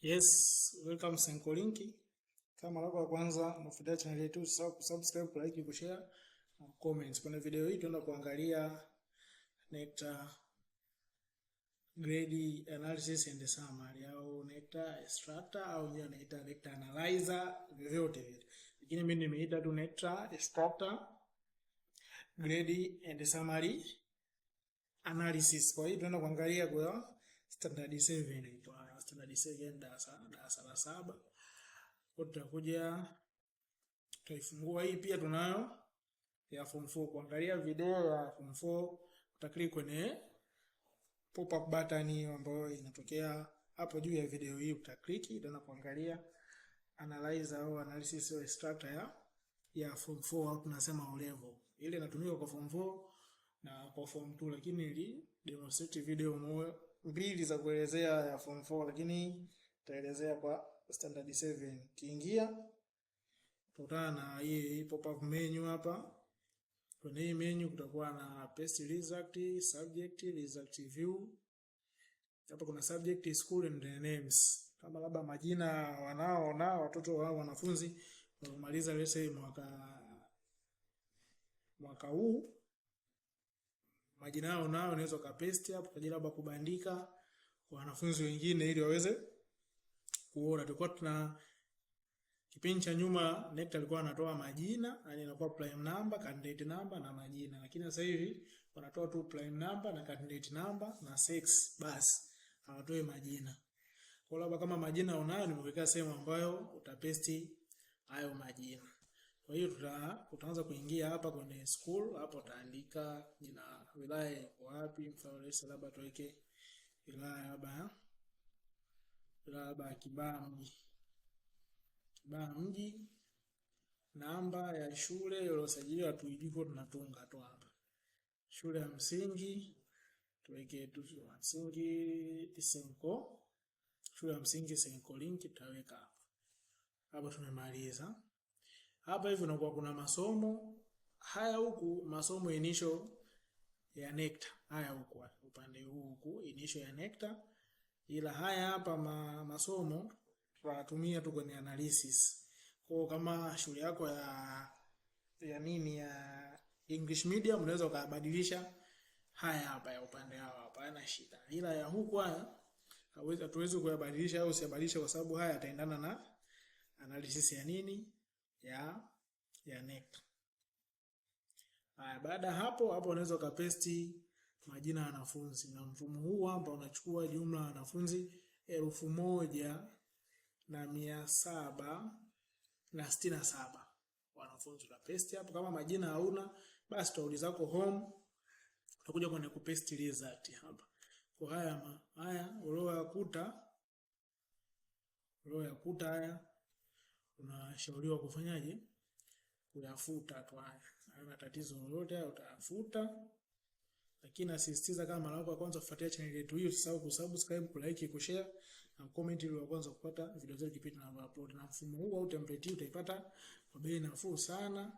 Yes, welcome Senko Linki. Kama lako wa kwanza unafuatilia channel yetu, usisahau kusubscribe, like, kushare na comment. Kwenye video hii tunaenda kuangalia NECTA uh, grade analysis and summary au NECTA uh, extractor au ndio anaita NECTA analyzer vyovyote vile. Lakini mimi nimeita tu NECTA uh, extractor grade and summary analysis. Kwa hiyo tunaenda kuangalia kwa standard 7 inaitwa tuna disegani darasa darasa la saba kwa tutakuja tutaifungua hii. Pia tunayo ya form 4 kuangalia video ya form 4 utaklik kwenye pop up button hiyo ambayo inatokea hapo juu ya video hii, utaklik itaenda kuangalia analyze au analysis au structure ya ya form 4 au tunasema O level. Ile inatumika kwa form 4 na kwa form 2, lakini ili demonstrate video moja mbili za kuelezea ya form 4, lakini tutaelezea kwa standard 7. Kiingia kutana na hii pop up menu hapa. Kwenye hii menu kutakuwa na paste result, subject, result view. Hapa kuna subject, school and names, kama labda majina wanao na watoto wao wanafunzi lesson mwaka mwaka huu majina yao nayo unaweza kupaste hapo kwa ajili ya kubandika wanafunzi wengine ili waweze kuona. Tulikuwa tuna kipindi cha nyuma NECTA alikuwa anatoa majina, yani inakuwa prime number, candidate number na majina. Lakini sasa hivi wanatoa tu prime number na candidate number na sex basi, hawatoi majina. Kwa labda kama majina unayo, nimekuwekea sehemu ambayo utapesti hayo majina. Kwa hiyo tuta tutaanza kuingia hapa kwenye school, hapo utaandika jina wilaya iko wapi, mfano Dar es Salaam labda tuweke wilaya labda labda Kibaha mji, Kibaha mji, namba ya shule iliyosajiliwa tuijue, tunatunga tu hapa shule ya msingi tuweke tu shule ya msingi Senko, shule ya msingi Senko link tutaweka hapo. Hapo tumemaliza. Hapa hivi unakuwa kuna masomo haya huku, masomo initial ya nectar haya huku, upande huu huku initial ya nectar ila haya hapa ma, masomo tunatumia tu kwenye analysis. Kwa kama shule yako ya ya nini ya English medium unaweza ukabadilisha haya hapa ya upande hapa, hapana shida, ila ya huku haya tuwezi kuyabadilisha au usiyabadilisha, kwa sababu haya yataendana na analysis ya nini ya ya NEC. Haya, baada ya hapo hapo unaweza ukapesti majina ya wanafunzi, na mfumo huu hapa unachukua jumla ya wanafunzi elfu moja na mia saba na sitini na saba wanafunzi utapesti hapo. Kama majina hauna basi tauli zako home, utakuja kwenye kupesti result hapa. Kwa haya ma, haya ulioyakuta ulioyakuta haya unashauriwa kufanyaje? Kuyafuta tu haya, haina tatizo lolote, utafuta. Lakini nasisitiza kama mara yako ya kwanza kufuatia channel yetu hii, usisahau kusubscribe, kulike, kushare na comment, ili uanze kupata video zetu kipindi na upload. Na mfumo huu au template utaipata kwa bei nafuu sana.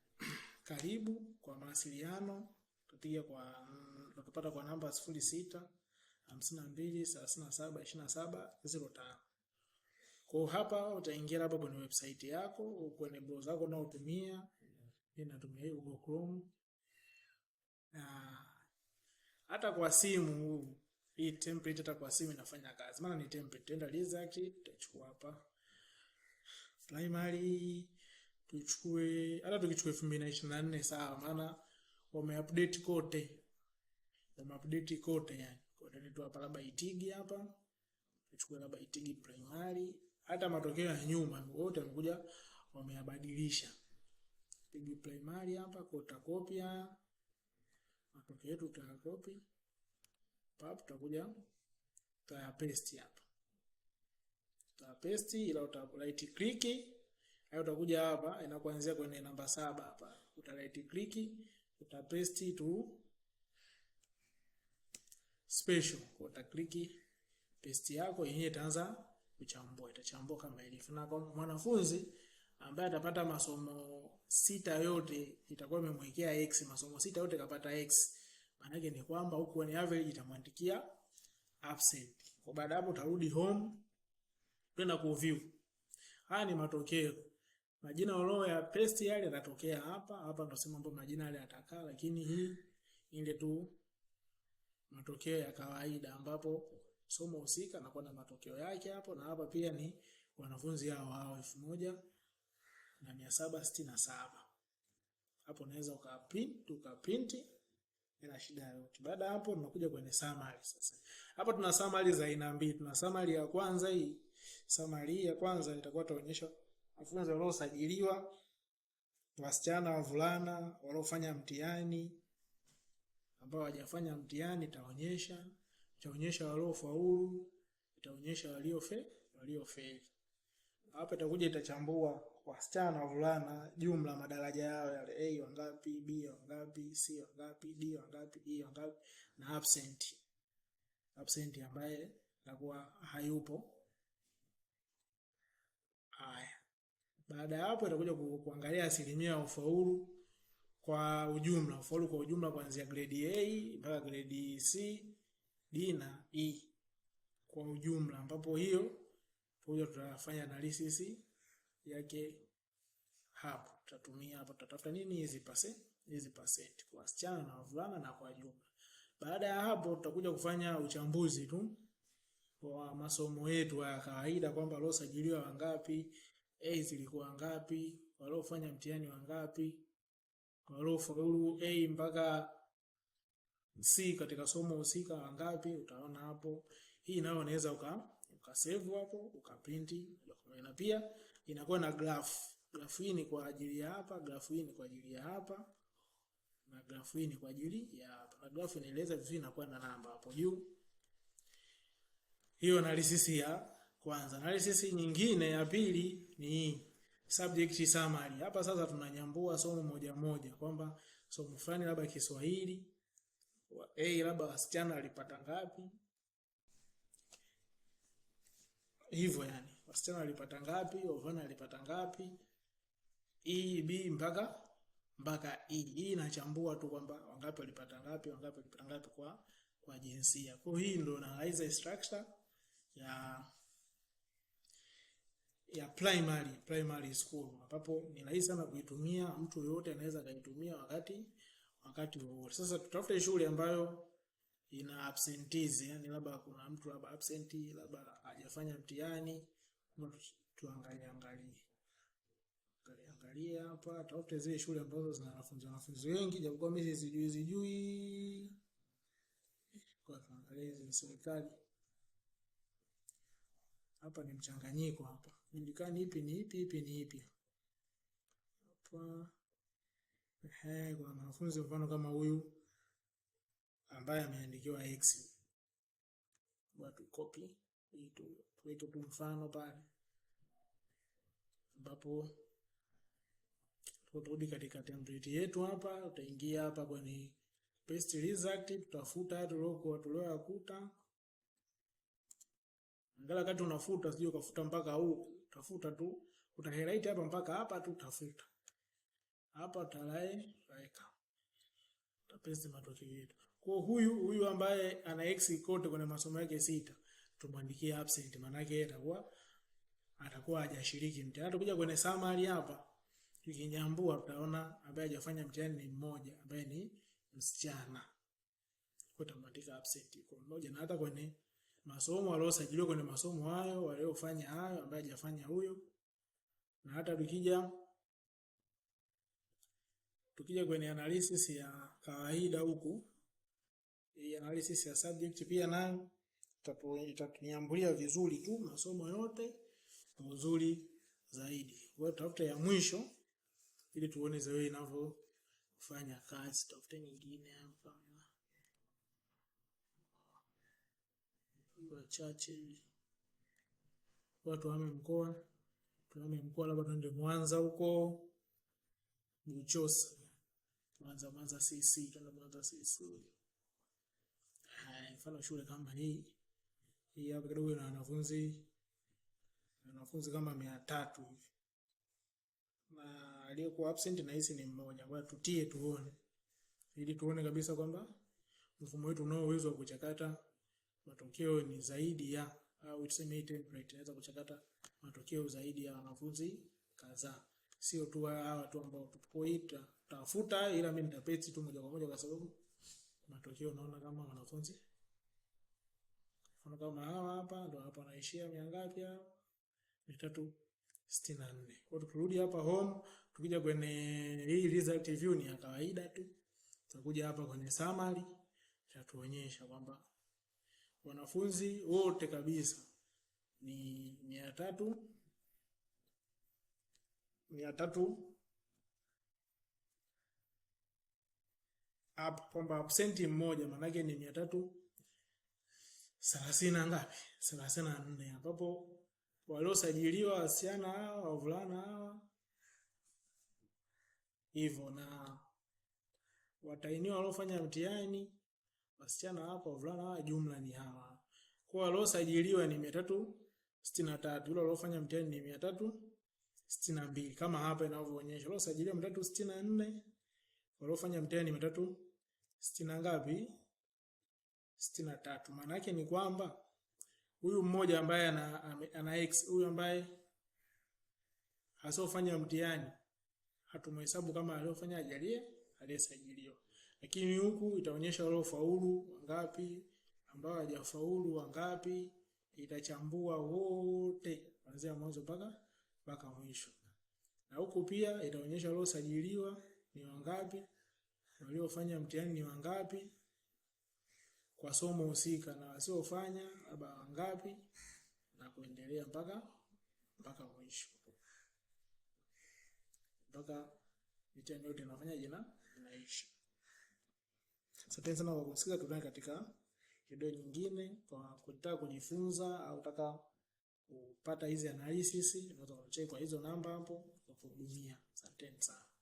Karibu kwa mawasiliano, tupige kwa tutapata kwa namba sifuri sita hamsini na mbili thelathini na saba ishirini na saba ziro tano. Kwa hapa utaingia hapa kwenye website yako, au kwenye browser yako unaotumia. Mimi natumia hii Google Chrome. Na hata kwa simu hii template hata kwa simu inafanya kazi. Maana ni template. Tuenda Lizard, tutachukua hapa primary tuchukue hata tukichukua 2024 sawa, maana wameupdate kote. Wameupdate kote yani. Kwa hiyo tu hapa labda itigi hapa. Tuchukue labda itigi primary hata matokeo ya nyuma wote wamekuja wameyabadilisha. Piga primary hapa kwa utakopia matokeo yetu, utakopi pap, tutakuja paste hapa, paste, ila uta right click hayo, utakuja hapa, inakuanzia kwenye namba saba hapa, uta right click utapesti tu special, uta click paste yako yenyewe itaanza kuchambua, itachambua kama ilivyo. Na kwa mwanafunzi ambaye atapata masomo sita yote itakuwa imemwekea x, masomo sita yote kapata x, maana yake ni kwamba huku ni average itamwandikia absent. Kwa baada hapo utarudi home, twenda ku view. Haya ni matokeo majina ulio ya paste yale yatatokea hapa hapa, ndo sema ambapo majina yale yatakaa, lakini hii ile tu matokeo ya kawaida ambapo somo husika na kuna matokeo yake hapo, na hapa pia ni wanafunzi hao hao elfu moja na mia saba sitini na saba. Hapo unaweza ukaprint ukaprint bila shida yoyote. Baada hapo tunakuja kwenye summary sasa. Hapa tuna summary za aina mbili. Tuna summary ya kwanza hii. Summary ya kwanza itakuwa taonyesha wanafunzi waliosajiliwa, wasichana, wavulana waliofanya mtihani ambao hawajafanya mtihani itaonyesha itaonyesha waliofaulu, itaonyesha waliofe waliofeli. Hapa itakuja itachambua wasichana wavulana, jumla madaraja yao yale, A wangapi, B wangapi, C wangapi, D wangapi, E wangapi, na absent absent ambaye itakuwa hayupo. Haya, baada ya hapo itakuja kuangalia asilimia ya ufaulu kwa ujumla, ufaulu kwa ujumla kuanzia grade A mpaka grade C D na E kwa ujumla, ambapo hiyo tuja tutafanya analysis yake hapo. Tutatumia hapo, tutatafuta nini hizi percent, hizi percent kwa wasichana na wavulana na kwa jumla. Baada ya hapo, tutakuja kufanya uchambuzi tu kwa masomo yetu ya kawaida kwamba waliosajiliwa wangapi, A zilikuwa wangapi, waliofanya mtihani wangapi, waliofaulu A mpaka C katika somo husika ngapi utaona hapo. Hii nayo unaweza uka ukasave hapo ukaprint, na pia inakuwa na graph. Graph hii ni kwa ajili ya hapa, graph hii ni kwa ajili ya hapa, na graph hii ni kwa ajili ya hapa, na graph inaeleza vizuri, inakuwa na namba hapo juu. Hiyo analysis ya kwanza. Analysis nyingine ya pili ni subject summary. Hapa sasa tunanyambua somo moja moja kwamba somo fulani labda Kiswahili hey, labda wasichana walipata ngapi hivyo, yani wasichana walipata ngapi, wavana walipata ngapi, E, B mpaka mpaka E. Hii e inachambua tu kwamba wangapi walipata ngapi, wangapi walipata ngapi kwa kwa jinsia. Kwa hii ndio analyze structure ya ya primary primary school, ambapo ni rahisi sana kuitumia, mtu yoyote anaweza akaitumia wakati wakati wowote. Sasa tutafute shule ambayo ina absentees, yani labda kuna mtu labda absent, labda hajafanya mtihani, tuangalie angalie angalia hapa, tafute zile shule ambazo zina wanafunzi wanafunzi wengi, japokuwa mimi sijui sijui kwa kuangalia zile serikali hapa ni mchanganyiko hapa, ipi ni ipi, ipi ni ipi hapa Ehe, kuna mwanafunzi mfano kama huyu ambaye ameandikiwa x. Watu copy hii tuweke tu mfano pale, ambapo tutarudi katika template yetu hapa, utaingia hapa kwenye paste result, tutafuta tuliokuwa tulioyakuta ngala kati unafuta, sio kafuta mpaka huu, tafuta tu utahighlight hapa mpaka hapa tu tafuta hapa tarai weka tupesi matokeo yetu. Kwa huyu huyu ambaye ana x kote kwenye masomo yake sita, tumwandikie absent, maana yake atakuwa atakuwa hajashiriki mtihani. Tukuja kwenye summary hapa, tukinyambua tutaona ambaye hajafanya mtihani ni mmoja, ambaye ni msichana, kwa tutamwandika absent kwa mmoja, na hata kwenye masomo waliosajiliwa kwenye masomo hayo waliofanya hayo, ambaye hajafanya huyo, na hata tukija Tukija kwenye analysis ya kawaida huku, hii analysis ya subject pia nayo itatunyambulia vizuri tu masomo yote uzuri zaidi. Kwa hiyo tafuta ya mwisho ili tuone inavyo fanya kazi. Tafute nyingine hapa wachache watu wame mkoa tuame mkoa, labda tuende Mwanza huko Buchosa. Mwanza Mwanza CC tunaenda Mwanza CC. Hai, mfano shule kama hii hii hapa kidogo ina wanafunzi wanafunzi kama mia tatu hivi, na aliyekuwa absent na hisi ni mmoja. Kwa tutie tuone, ili tuone kabisa kwamba mfumo wetu unao uwezo wa kuchakata matokeo ni zaidi ya au tuseme hii template inaweza kuchakata matokeo zaidi ya wanafunzi kadhaa sio tu hawa tu ambao tupoita tafuta, ila mimi nitapeti tu moja kwa moja, kwa sababu matokeo naona kama wanafunzi kama hawa hapa ndo hapa wanaishia mia ngapi hapa? mia tatu sitini na nne. Kwa tukirudi hapa home, tukija kwenye hii result view ni ya kawaida tu, tutakuja hapa kwenye summary, itatuonyesha kwamba wanafunzi wote kabisa ni mia tatu mia tatu up kwamba senti mmoja maanake ni mia tatu thelathini na ngapi, thelathini na nne ambapo waliosajiliwa wasichana hawa wavulana hawa hivyo, na watainiwa waliofanya mtihani wasichana hapo wavulana hawa jumla ni hawa. Kwa waliosajiliwa ni mia tatu sitini na tatu, ila waliofanya mtihani ni mia tatu sitini na mbili kama hapa inavyoonyesha. Waliosajiliwa mia tatu sitini na nne waliofanya mtihani Mtatu tatu sitini na ngapi? sitini na tatu. Maana yake ni kwamba huyu mmoja ambaye ana, ana x huyu ambaye asiofanya mtihani hatumhesabu kama aliofanya ajalie aliyesajiliwa, lakini huku itaonyesha waliofaulu wangapi, ambao hawajafaulu wangapi, itachambua wote kuanzia mwanzo mpaka mpaka mwisho. Na huku pia itaonyesha waliosajiliwa ni wangapi, waliofanya mtihani ni wangapi kwa somo husika, na wasiofanya aba wangapi, na kuendelea mpaka mpaka mwisho, mpaka mitihani yote inafanya jina inaishi. Asanteni sana kwa kusikiza, tutane katika video nyingine kwa kutaka kujifunza au kutaka kupata hizi analysis, unaweza kucheck kwa hizo namba hapo, kuhudumia. Asanteni sana.